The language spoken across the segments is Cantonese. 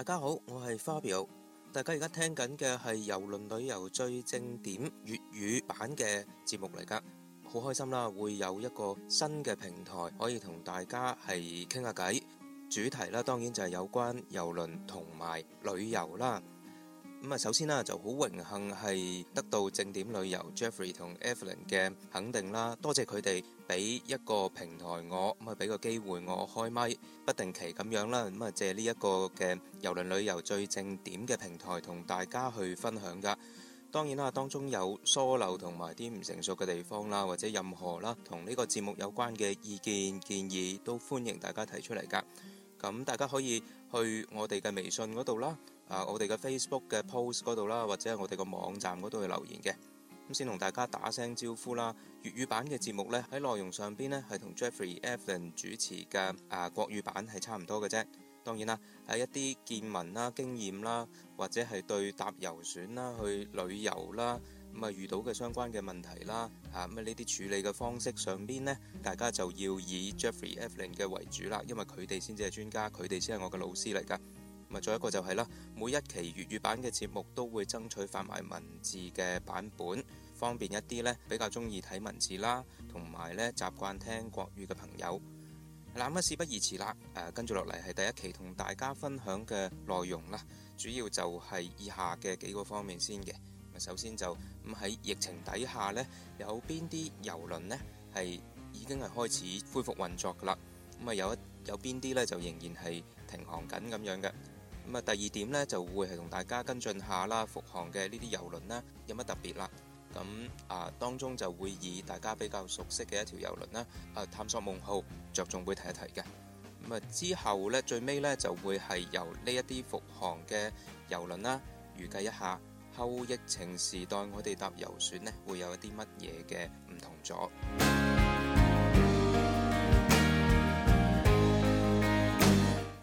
大家好，我係 Fabio，大家而家聽緊嘅係郵輪旅遊最正點粵語版嘅節目嚟噶，好開心啦，會有一個新嘅平台可以同大家係傾下偈，主題啦，當然就係有關郵輪同埋旅遊啦。咁啊，首先啦，就好榮幸係得到正點旅遊 Jeffrey 同 Evelyn 嘅肯定啦，多謝佢哋俾一個平台我，咁啊，俾個機會我開麥不定期咁樣啦。咁啊，借呢一個嘅遊輪旅遊最正點嘅平台，同大家去分享㗎。當然啦，當中有疏漏同埋啲唔成熟嘅地方啦，或者任何啦，同呢個節目有關嘅意見建議，都歡迎大家提出嚟㗎。咁大家可以去我哋嘅微信嗰度啦。啊！我哋嘅 Facebook 嘅 post 嗰度啦，或者係我哋嘅網站嗰度去留言嘅。咁先同大家打聲招呼啦。粵語版嘅節目呢，喺內容上邊呢，係同 Jeffrey Evelyn 主持嘅啊國語版係差唔多嘅啫。當然啦，喺一啲見聞啦、經驗啦，或者係對搭遊船啦、去旅遊啦，咁啊遇到嘅相關嘅問題啦，嚇咁啊呢啲處理嘅方式上邊呢，大家就要以 Jeffrey Evelyn 嘅為主啦，因為佢哋先至係專家，佢哋先係我嘅老師嚟噶。咪再一個就係、是、啦，每一期粵語版嘅節目都會爭取發埋文字嘅版本，方便一啲呢比較中意睇文字啦，同埋呢習慣聽國語嘅朋友。嗱，乜事不宜遲啦，誒、啊、跟住落嚟係第一期同大家分享嘅內容啦，主要就係以下嘅幾個方面先嘅。首先就咁喺、嗯、疫情底下呢，有邊啲遊輪呢係已經係開始恢復運作噶啦？咁、嗯、啊有有邊啲呢就仍然係停航緊咁樣嘅？咁啊，第二點咧就會係同大家跟進下啦，復航嘅呢啲郵輪啦，有乜特別啦？咁啊，當中就會以大家比較熟悉嘅一條郵輪啦，誒，探索夢號着重會提一提嘅。咁啊，之後咧最尾咧就會係由復呢一啲復航嘅郵輪啦，預計一下後疫情時代我哋搭遊船咧會有一啲乜嘢嘅唔同咗。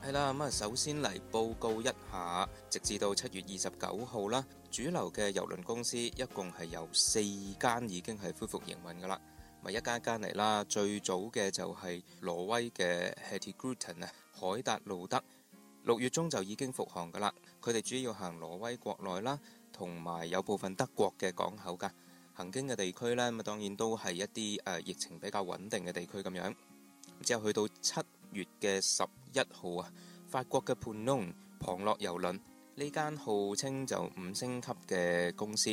係啦，咁啊，首先嚟報告一下，直至到七月二十九號啦，主流嘅遊輪公司一共係有四間已經係恢復營運㗎啦，咪一家一家嚟啦。最早嘅就係挪威嘅 Hurtigruten 啊，海達路德六月中就已經復航㗎啦。佢哋主要行挪威國內啦，同埋有部分德國嘅港口㗎，行經嘅地區呢，咪當然都係一啲誒疫情比較穩定嘅地區咁樣。之後去到七月嘅十一號啊，法國嘅 Ponant 龐洛遊輪呢間號稱就五星級嘅公司，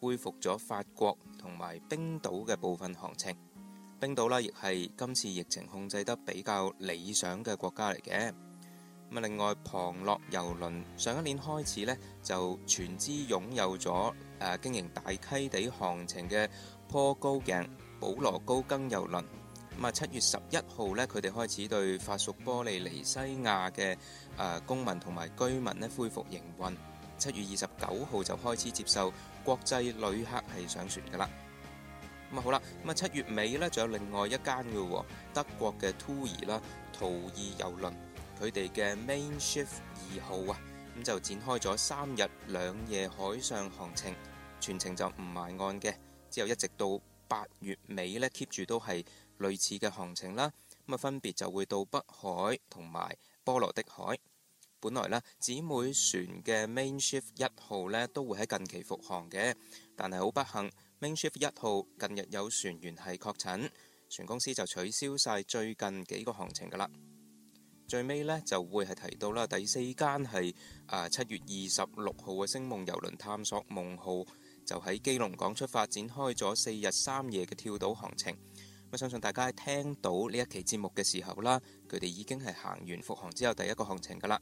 恢復咗法國同埋冰島嘅部分航程。冰島呢亦係今次疫情控制得比較理想嘅國家嚟嘅。咁啊，另外龐洛遊輪上一年開始呢，就全資擁有咗誒、啊、經營大溪地航程嘅坡高鏡保羅高更遊輪。咁啊，七月十一號咧，佢哋開始對法屬波利尼西亞嘅誒公民同埋居民咧恢復營運。七月二十九號就開始接受國際旅客係上船噶啦。咁啊，好啦，咁啊，七月尾呢，仲有另外一間嘅喎，德國嘅 TUI 啦，途易遊輪，佢哋嘅 Main Shift 二號啊，咁就展開咗三日兩夜海上航程，全程就唔埋岸嘅，之後一直到八月尾呢，keep 住都係。類似嘅行程啦，咁啊，分別就會到北海同埋波羅的海。本來咧，姊妹船嘅 Main Shift 一號呢都會喺近期復航嘅，但係好不幸，Main Shift 一號近日有船員係確診，船公司就取消晒最近幾個行程噶啦。最尾呢，就會係提到啦，第四間係啊，七月二十六號嘅星夢遊輪探索夢號，就喺基隆港出發，展開咗四日三夜嘅跳島行程。相信大家聽到呢一期節目嘅時候啦，佢哋已經係行完復航之後第一個行程噶啦。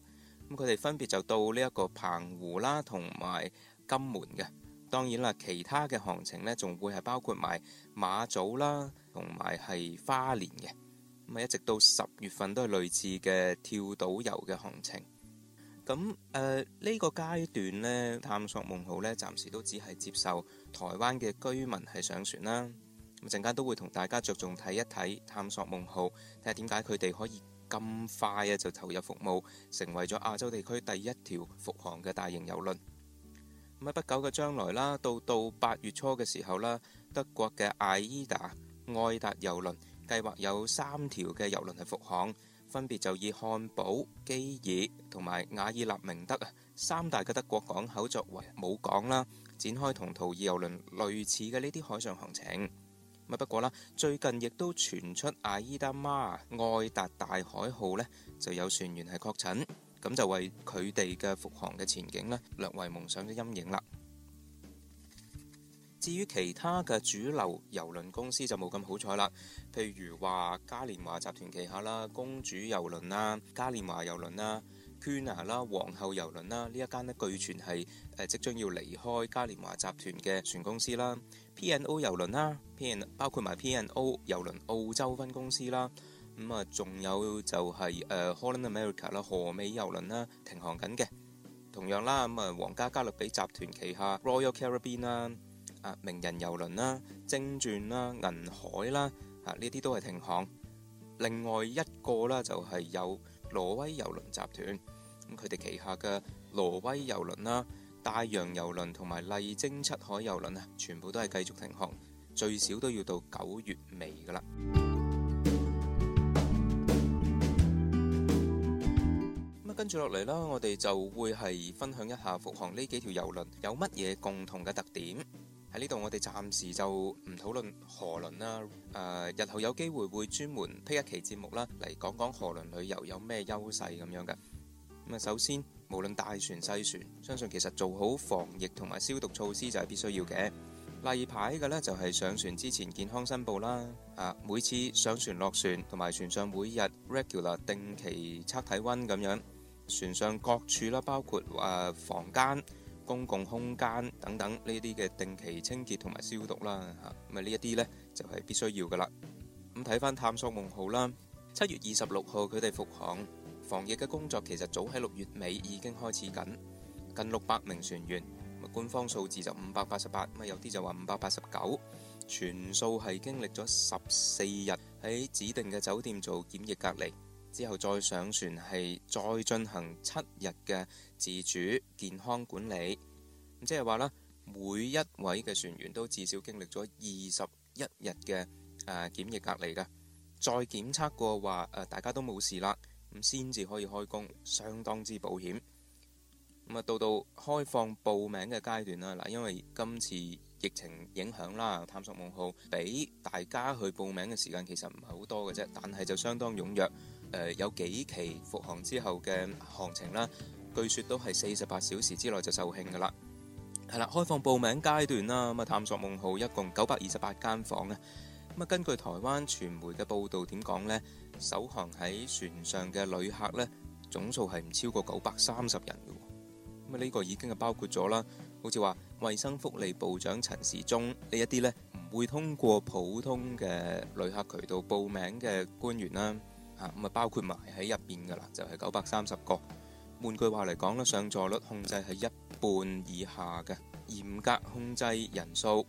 咁佢哋分別就到呢一個澎湖啦，同埋金門嘅。當然啦，其他嘅行程呢，仲會係包括埋馬祖啦，同埋係花蓮嘅。咁咪一直到十月份都係類似嘅跳島遊嘅行程。咁誒呢個階段呢，探索夢號呢，暫時都只係接受台灣嘅居民係上船啦。咁陣間都會同大家着重睇一睇探索夢號，睇下點解佢哋可以咁快啊就投入服務，成為咗亞洲地區第一條復航嘅大型遊輪。咁喺不久嘅將來啦，到到八月初嘅時候啦，德國嘅艾伊達愛達遊輪計劃有三條嘅遊輪係復航，分別就以漢堡、基爾同埋瓦爾納明德啊三大嘅德國港口作為母港啦，展開同途易遊輪類似嘅呢啲海上行程。不過啦，最近亦都傳出阿依達媽啊，愛達大海號呢就有船員係確診，咁就為佢哋嘅復航嘅前景咧略為蒙上咗陰影啦。至於其他嘅主流遊輪公司就冇咁好彩啦，譬如話嘉年華集團旗下啦，公主遊輪啦、嘉年華遊輪啦，瓏啊啦，皇后遊輪啦，呢一間咧據傳係誒即將要離開嘉年華集團嘅船公司啦。P&O 遊輪啦，P 包括埋 P&O 遊輪澳洲分公司啦，咁啊仲有就係誒 Holland America 啦、荷美遊輪啦停航緊嘅，同樣啦咁啊皇家加勒比集團旗下 Royal Caribbean 啦、啊、啊名人遊輪啦、晶鑽啦、銀海啦，啊呢啲都係停航，另外一個啦就係有挪威遊輪集團，咁佢哋旗下嘅挪威遊輪啦。大洋遊輪同埋麗晶七海遊輪啊，全部都係繼續停航，最少都要到九月尾噶啦。咁啊，跟住落嚟啦，我哋就會係分享一下復航呢幾條遊輪有乜嘢共同嘅特點。喺呢度，我哋暫時就唔討論河輪啦。誒，日後有機會會專門闢一期節目啦，嚟講講河輪旅遊有咩優勢咁樣嘅。首先，無論大船細船，相信其實做好防疫同埋消毒措施就係必須要嘅。例牌嘅呢，就係上船之前健康申報啦，每次上船落船同埋船上每日 regular 定期測體温咁樣，船上各處啦，包括誒房間、公共空間等等呢啲嘅定期清潔同埋消毒啦，嚇咁呢一啲呢，就係必須要嘅啦。咁睇翻探索夢號啦，七月二十六號佢哋復航，防疫嘅工作其實早喺六月尾已經開始緊，近六百名船員，官方數字就五百八十八，咁有啲就話五百八十九，全數係經歷咗十四日喺指定嘅酒店做檢疫隔離，之後再上船係再進行七日嘅自主健康管理。即係話呢每一位嘅船員都至少經歷咗二十一日嘅誒檢疫隔離嘅，再檢測過話誒大家都冇事啦。咁先至可以開工，相當之保險。咁啊，到到開放報名嘅階段啦，嗱，因為今次疫情影響啦，探索夢號俾大家去報名嘅時間其實唔係好多嘅啫，但係就相當踴躍、呃。有幾期復航之後嘅行程啦，據說都係四十八小時之內就售罄㗎喇。係啦，開放報名階段啦，咁啊，探索夢號一共九百二十八間房啊。咁根據台灣傳媒嘅報道，點講呢，首航喺船上嘅旅客咧，總數係唔超過九百三十人嘅。咁、這、呢個已經係包括咗啦，好似話衞生福利部長陳時中呢一啲呢，唔會通過普通嘅旅客渠道報名嘅官員啦，嚇咁啊，包括埋喺入邊㗎啦，就係九百三十個。換句話嚟講咧，上座率控制係一半以下嘅，嚴格控制人數。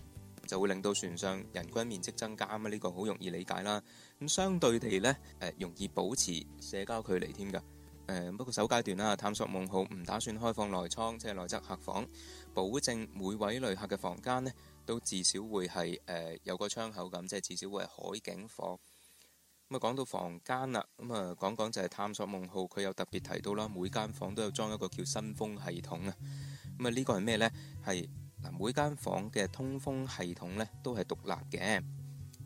就會令到船上人均面積增加嘛，咁啊呢個好容易理解啦。咁相對地呢，誒、呃、容易保持社交距離添㗎。誒、呃、不過首階段啦，探索夢號唔打算開放內艙，即係內側客房，保證每位旅客嘅房間呢都至少會係誒、呃、有個窗口咁，即係至少會係海景房。咁啊講到房間啦，咁啊講講就係探索夢號，佢有特別提到啦，每間房都有裝一個叫新風系統啊。咁啊呢個係咩呢？係每間房嘅通風系統咧都係獨立嘅。咁、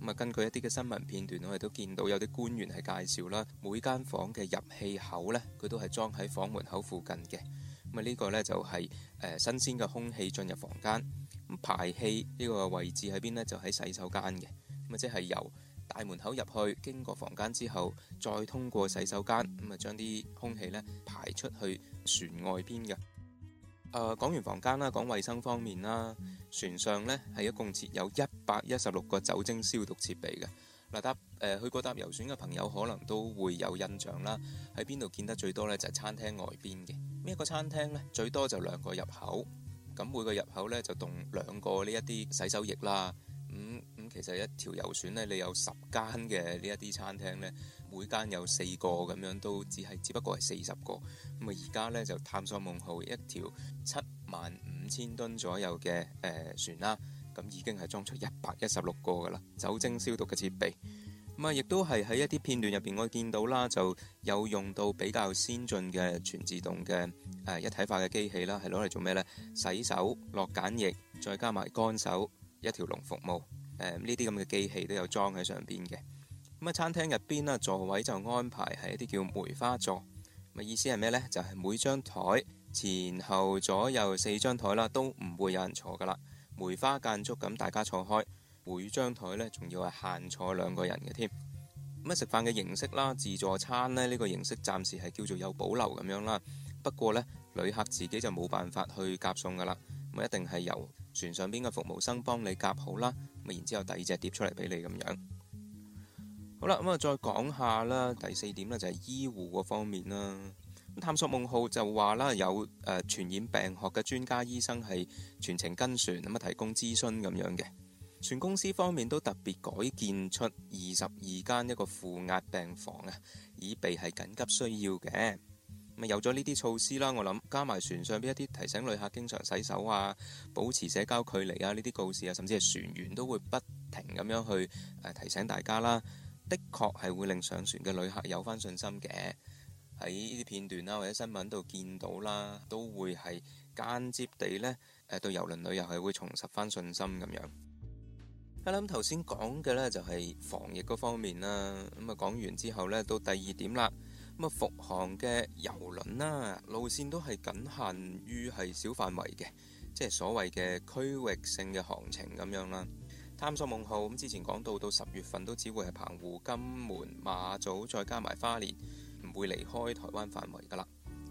嗯、啊，根據一啲嘅新聞片段，我哋都見到有啲官員係介紹啦，每間房嘅入氣口呢，佢都係裝喺房門口附近嘅。咁、嗯、啊，呢、這個呢，就係、是、誒、呃、新鮮嘅空氣進入房間，排氣呢個位置喺邊呢？就喺洗手間嘅。咁、嗯、即係由大門口入去，經過房間之後，再通過洗手間，咁、嗯、啊，將啲空氣呢排出去船外邊嘅。誒，講、uh, 完房間啦，講衛生方面啦，船上呢係一共設有一百一十六個酒精消毒設備嘅。嗱、啊，搭誒、呃、去過搭遊船嘅朋友可能都會有印象啦，喺邊度見得最多呢？就係、是、餐廳外邊嘅。呢、那、一個餐廳呢，最多就兩個入口，咁每個入口呢，就動兩個呢一啲洗手液啦。其實一條遊船咧，你有十間嘅呢一啲餐廳呢，每間有四個咁樣，都只係只不過係四十個。咁啊，而家呢，就探索夢號一條七萬五千噸左右嘅誒、呃、船啦，咁、嗯、已經係裝出一百一十六個㗎喇酒精消毒嘅設備。咁、嗯、啊，亦都係喺一啲片段入邊，我見到啦，就有用到比較先進嘅全自動嘅誒、呃、一體化嘅機器啦，係攞嚟做咩呢？洗手落梘液，再加埋乾手，一條龍服務。呢啲咁嘅機器都有裝喺上邊嘅。咁啊，餐廳入邊啦，座位就安排係一啲叫梅花座，咁意思係咩呢？就係、是、每張台前後左右四張台啦，都唔會有人坐噶啦。梅花間竹咁，大家坐開每張台呢，仲要係限坐兩個人嘅添。咁啊，食飯嘅形式啦，自助餐呢，呢、這個形式暫時係叫做有保留咁樣啦。不過呢，旅客自己就冇辦法去夾餸噶啦，咁一定係由船上邊嘅服務生幫你夾好啦。然之後，第二隻碟出嚟俾你咁樣。好啦，咁啊再講下啦，第四點呢，就係醫護個方面啦。探索夢號就話啦，有誒傳染病學嘅專家醫生係全程跟船，咁啊，提供諮詢咁樣嘅。船公司方面都特別改建出二十二間一個負壓病房啊，以備係緊急需要嘅。咁有咗呢啲措施啦，我諗加埋船上邊一啲提醒旅客經常洗手啊、保持社交距離啊呢啲告示啊，甚至係船員都會不停咁樣去誒提醒大家啦。的確係會令上船嘅旅客有翻信心嘅。喺呢啲片段啦或者新聞度見到啦，都會係間接地呢，誒對遊輪旅遊係會重拾翻信心咁樣。係啦，咁頭先講嘅呢就係防疫嗰方面啦。咁啊講完之後呢，到第二點啦。咁啊，復航嘅遊輪啦，路線都係僅限於係小範圍嘅，即係所謂嘅區域性嘅航程咁樣啦。探索夢號咁之前講到，到十月份都只會係澎湖、金門、馬祖，再加埋花蓮，唔會離開台灣範圍㗎喇。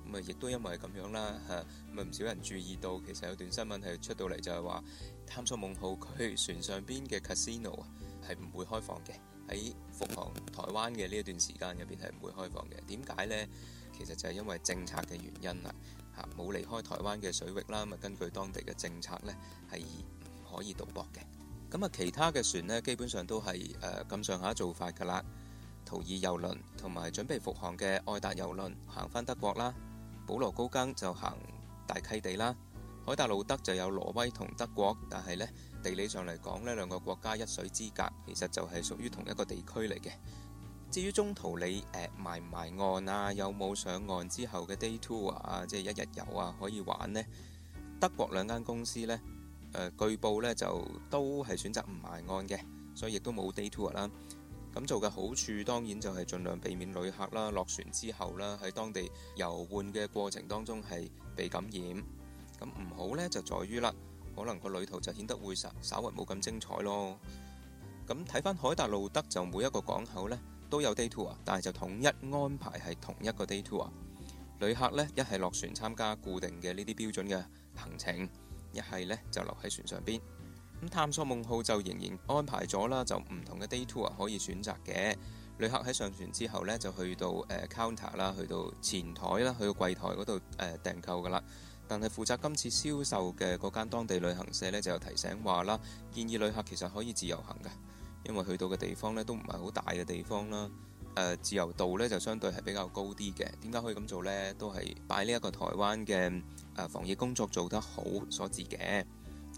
咁啊，亦都因為咁樣啦嚇，咁啊唔少人注意到，其實有段新聞係出到嚟就係話，探索夢號佢船上邊嘅 casino 啊，係唔會開放嘅。喺復航台灣嘅呢一段時間入邊係唔會開放嘅，點解呢？其實就係因為政策嘅原因啦，嚇冇離開台灣嘅水域啦，咁啊根據當地嘅政策呢係唔可以賭博嘅。咁啊其他嘅船呢，基本上都係誒咁上下做法㗎啦。途爾遊輪同埋準備復航嘅愛達遊輪行翻德國啦，保羅高更就行大溪地啦，海達路德就有挪威同德國，但係呢。地理上嚟講咧，兩個國家一水之隔，其實就係屬於同一個地區嚟嘅。至於中途你、呃、埋唔埋岸啊，有冇上岸之後嘅 day tour 啊，即係一日遊啊，可以玩呢？德國兩間公司呢，誒、呃、據報咧就都係選擇唔埋岸嘅，所以亦都冇 day tour 啦。咁做嘅好處當然就係盡量避免旅客啦落船之後啦喺當地遊玩嘅過程當中係被感染。咁唔好呢，就在於啦。可能個旅途就顯得會稍稍微冇咁精彩咯。咁睇翻海達路德就每一個港口咧都有 day tour 啊，但係就統一安排係同一個 day tour 啊。旅客呢，一係落船參加固定嘅呢啲標準嘅行程，一係呢就留喺船上邊。咁、嗯、探索夢號就仍然安排咗啦，就唔同嘅 day tour 啊可以選擇嘅。旅客喺上船之後呢，就去到誒、呃、counter 啦，去到前台啦，去到櫃台嗰度誒訂購噶啦。但係負責今次銷售嘅嗰間當地旅行社呢，就有提醒話啦，建議旅客其實可以自由行嘅，因為去到嘅地方呢都唔係好大嘅地方啦。誒、呃，自由度呢就相對係比較高啲嘅。點解可以咁做呢？都係擺呢一個台灣嘅防疫工作做得好所致嘅。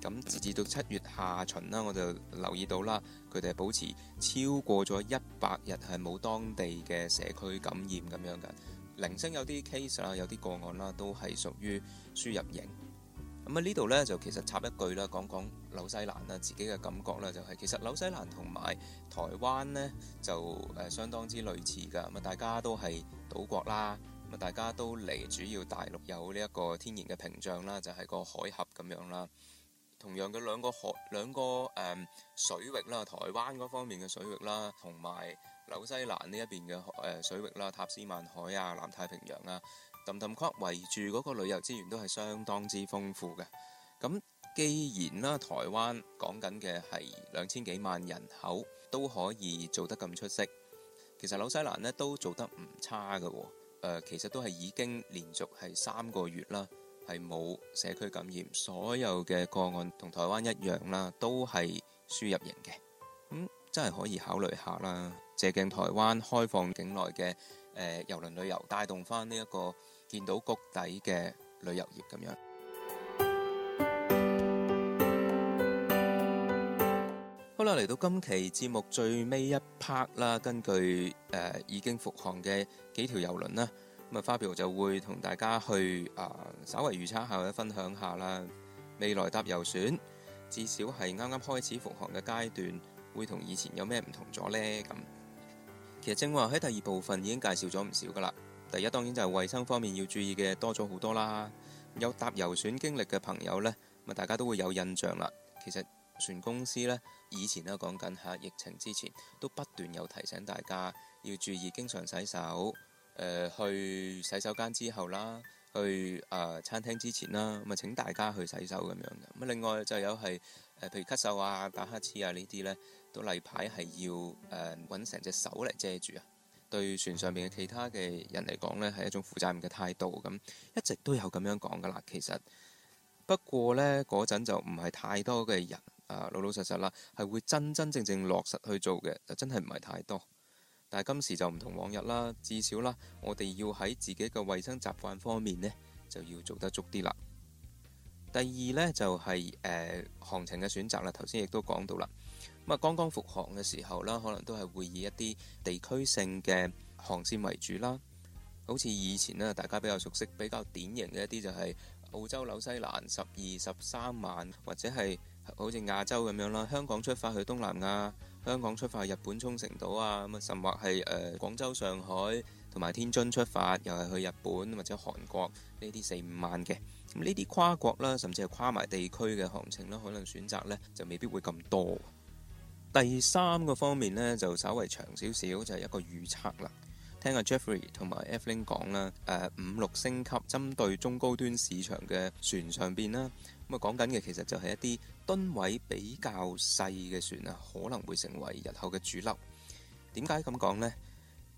咁直至到七月下旬啦，我就留意到啦，佢哋係保持超過咗一百日係冇當地嘅社區感染咁樣嘅。零星有啲 case 啦，有啲個案啦，都係屬於輸入型。咁、嗯、啊，呢度呢，就其實插一句啦，講講紐西蘭啦，自己嘅感覺啦、就是，就係其實紐西蘭同埋台灣呢，就誒相當之類似噶。咁大家都係島國啦，咁啊，大家都嚟主要大陸有呢一個天然嘅屏障啦，就係、是、個海峽咁樣啦。同樣嘅兩個海兩個誒、嗯、水域啦，台灣嗰方面嘅水域啦，同埋。紐西蘭呢一邊嘅誒水域啦、塔斯曼海啊、南太平洋啦，氹氹括圍住嗰個旅遊資源都係相當之豐富嘅。咁既然啦，台灣講緊嘅係兩千幾萬人口都可以做得咁出色，其實紐西蘭呢都做得唔差㗎喎。誒、呃，其實都係已經連續係三個月啦，係冇社區感染，所有嘅個案同台灣一樣啦，都係輸入型嘅。咁真係可以考慮下啦。借鏡台灣開放境內嘅誒遊輪旅遊，帶動翻呢一個見到谷底嘅旅遊業咁樣。好啦，嚟到今期節目最尾一 part 啦。根據誒、呃、已經復航嘅幾條遊輪啦，咁、嗯、啊，Fabio 就會同大家去啊、呃，稍為預測下，或者分享下啦。未來搭遊船，至少係啱啱開始復航嘅階段，會同以前有咩唔同咗呢？咁。其實正話喺第二部分已經介紹咗唔少㗎喇。第一當然就係衞生方面要注意嘅多咗好多啦。有搭遊船經歷嘅朋友呢，大家都會有印象啦。其實船公司呢，以前都講緊喺疫情之前，都不斷有提醒大家要注意，經常洗手，呃，去洗手間之後啦。去誒、呃、餐廳之前啦，咁啊請大家去洗手咁樣嘅。咁另外就有係誒、呃，譬如咳嗽啊、打乞嗤啊呢啲咧，都例牌係要誒搵成隻手嚟遮住啊。對船上邊嘅其他嘅人嚟講咧，係一種負責任嘅態度咁。一直都有咁樣講噶啦，其實不過咧，嗰陣就唔係太多嘅人啊，老老實實啦，係會真真正正落實去做嘅，就真係唔係太多。但係今時就唔同往日啦，至少啦，我哋要喺自己嘅衛生習慣方面呢，就要做得足啲啦。第二呢，就係、是、誒、呃，行程嘅選擇啦，頭先亦都講到啦。咁啊，剛剛復航嘅時候啦，可能都係會以一啲地區性嘅航線為主啦。好似以前呢，大家比較熟悉、比較典型嘅一啲就係澳洲紐西蘭十二十三晚，或者係好似亞洲咁樣啦，香港出發去東南亞。香港出發去日本沖繩島啊，咁啊，甚或係誒廣州、上海同埋天津出發，又係去日本或者韓國呢啲四五晚嘅，咁呢啲跨國啦，甚至係跨埋地區嘅行程啦，可能選擇呢就未必會咁多。第三個方面呢，就稍為長少少，就係、是、一個預測啦。聽阿 Jeffrey 同埋 Evelyn 講啦，誒、呃、五六星級針對中高端市場嘅船上邊啦。咁啊，講緊嘅其實就係一啲噸位比較細嘅船啊，可能會成為日後嘅主流。點解咁講呢？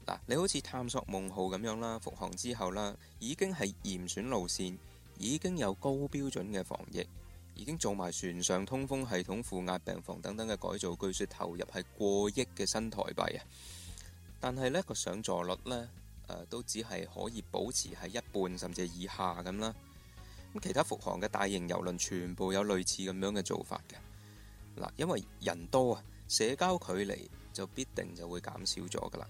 嗱，你好似探索夢號咁樣啦，復航之後啦，已經係嚴選路線，已經有高標準嘅防疫，已經做埋船上通風系統、負壓病房等等嘅改造，據說投入係過億嘅新台幣啊。但係呢個上座率呢，呃，都只係可以保持喺一半甚至以下咁啦。咁其他復航嘅大型遊輪全部有類似咁樣嘅做法嘅。嗱，因為人多啊，社交距離就必定就會減少咗㗎喇。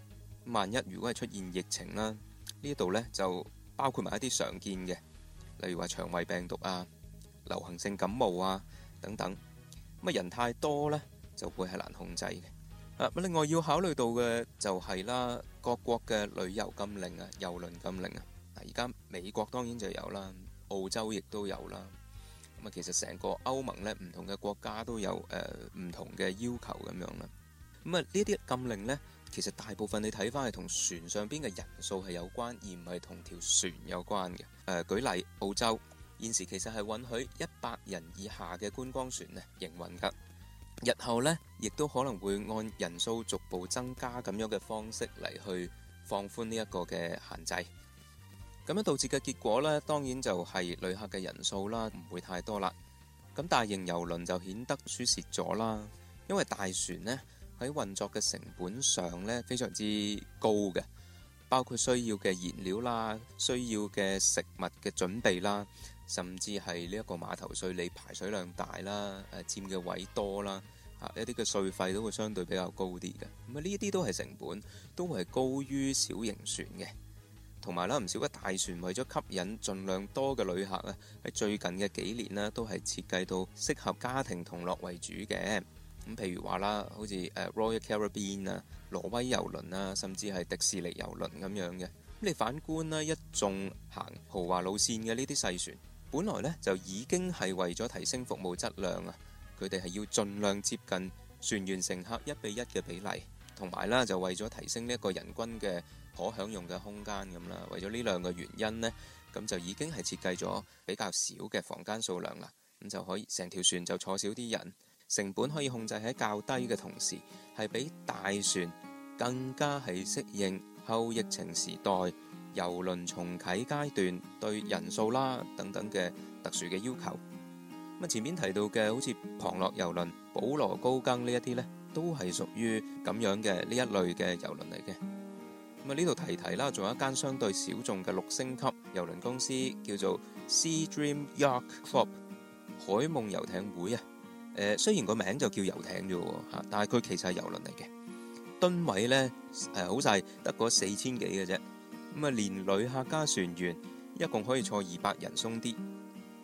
萬一如果係出現疫情啦，呢度呢就包括埋一啲常見嘅，例如話腸胃病毒啊、流行性感冒啊等等。咁人太多呢就會係難控制嘅。另外要考慮到嘅就係啦，各國嘅旅遊禁令啊、遊輪禁令啊。嗱，而家美國當然就有啦。澳洲亦都有啦，咁啊，其實成個歐盟咧，唔同嘅國家都有誒唔同嘅要求咁樣啦。咁啊，呢啲禁令咧，其實大部分你睇翻係同船上邊嘅人數係有關，而唔係同條船有關嘅。誒，舉例澳洲現時其實係允許一百人以下嘅觀光船咧營運㗎，日後咧亦都可能會按人數逐步增加咁樣嘅方式嚟去放寬呢一個嘅限制。咁樣導致嘅結果呢，當然就係旅客嘅人數啦，唔會太多啦。咁大型遊輪就顯得輸蝕咗啦，因為大船呢喺運作嘅成本上呢非常之高嘅，包括需要嘅燃料啦，需要嘅食物嘅準備啦，甚至係呢一個碼頭稅，你排水量大啦，誒佔嘅位多啦，啊一啲嘅稅費都會相對比較高啲嘅。咁啊，呢啲都係成本，都會係高於小型船嘅。同埋啦，唔少嘅大船為咗吸引盡量多嘅旅客啊，喺最近嘅幾年呢，都係設計到適合家庭同樂為主嘅。咁譬如話啦，好似 Royal Caribbean 啊、挪威遊輪啊，甚至係迪士尼遊輪咁樣嘅。咁你反觀啦，一眾行豪華路線嘅呢啲細船，本來呢就已經係為咗提升服務質量啊，佢哋係要盡量接近船員乘客一比一嘅比例，同埋啦就為咗提升呢一個人均嘅。可享用嘅空間咁啦，為咗呢兩個原因呢，咁就已經係設計咗比較少嘅房間數量啦，咁就可以成條船就坐少啲人，成本可以控制喺較低嘅同時，係比大船更加係適應後疫情時代遊輪重啓階段對人數啦等等嘅特殊嘅要求。咁前面提到嘅好似龐洛遊輪、保羅高更呢一啲呢，都係屬於咁樣嘅呢一類嘅遊輪嚟嘅。咁啊，呢度提提啦，仲有一間相對小眾嘅六星級遊輪公司，叫做 Sea Dream Yacht Club 海夢遊艇會啊。誒、呃，雖然個名就叫遊艇啫吓，但係佢其實係遊輪嚟嘅，噸位咧誒好細，得個四千幾嘅啫。咁啊，連旅客加船員一共可以坐二百人鬆，鬆啲。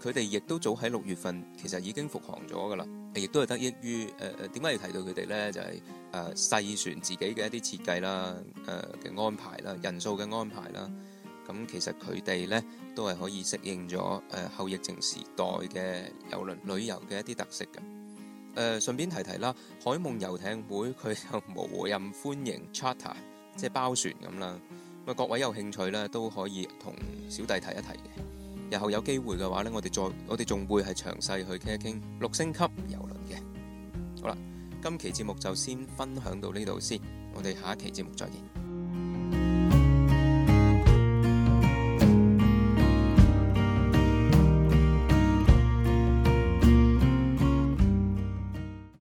佢哋亦都早喺六月份其實已經復航咗噶啦。亦都係得益於誒誒點解要提到佢哋咧？就係誒細船自己嘅一啲設計啦、誒、呃、嘅安排啦、人數嘅安排啦。咁、呃、其實佢哋咧都係可以適應咗誒、呃、後疫情時代嘅遊輪旅遊嘅一啲特色嘅。誒、呃、順便提提啦，海夢遊艇會佢又無任歡迎 charter 即係包船咁啦。咁、呃、啊，各位有興趣咧都可以同小弟提一提嘅。日後有機會嘅話呢我哋再，我哋仲會係詳細去傾一傾六星級遊輪嘅。好啦，今期節目就先分享到呢度先，我哋下一期節目再見。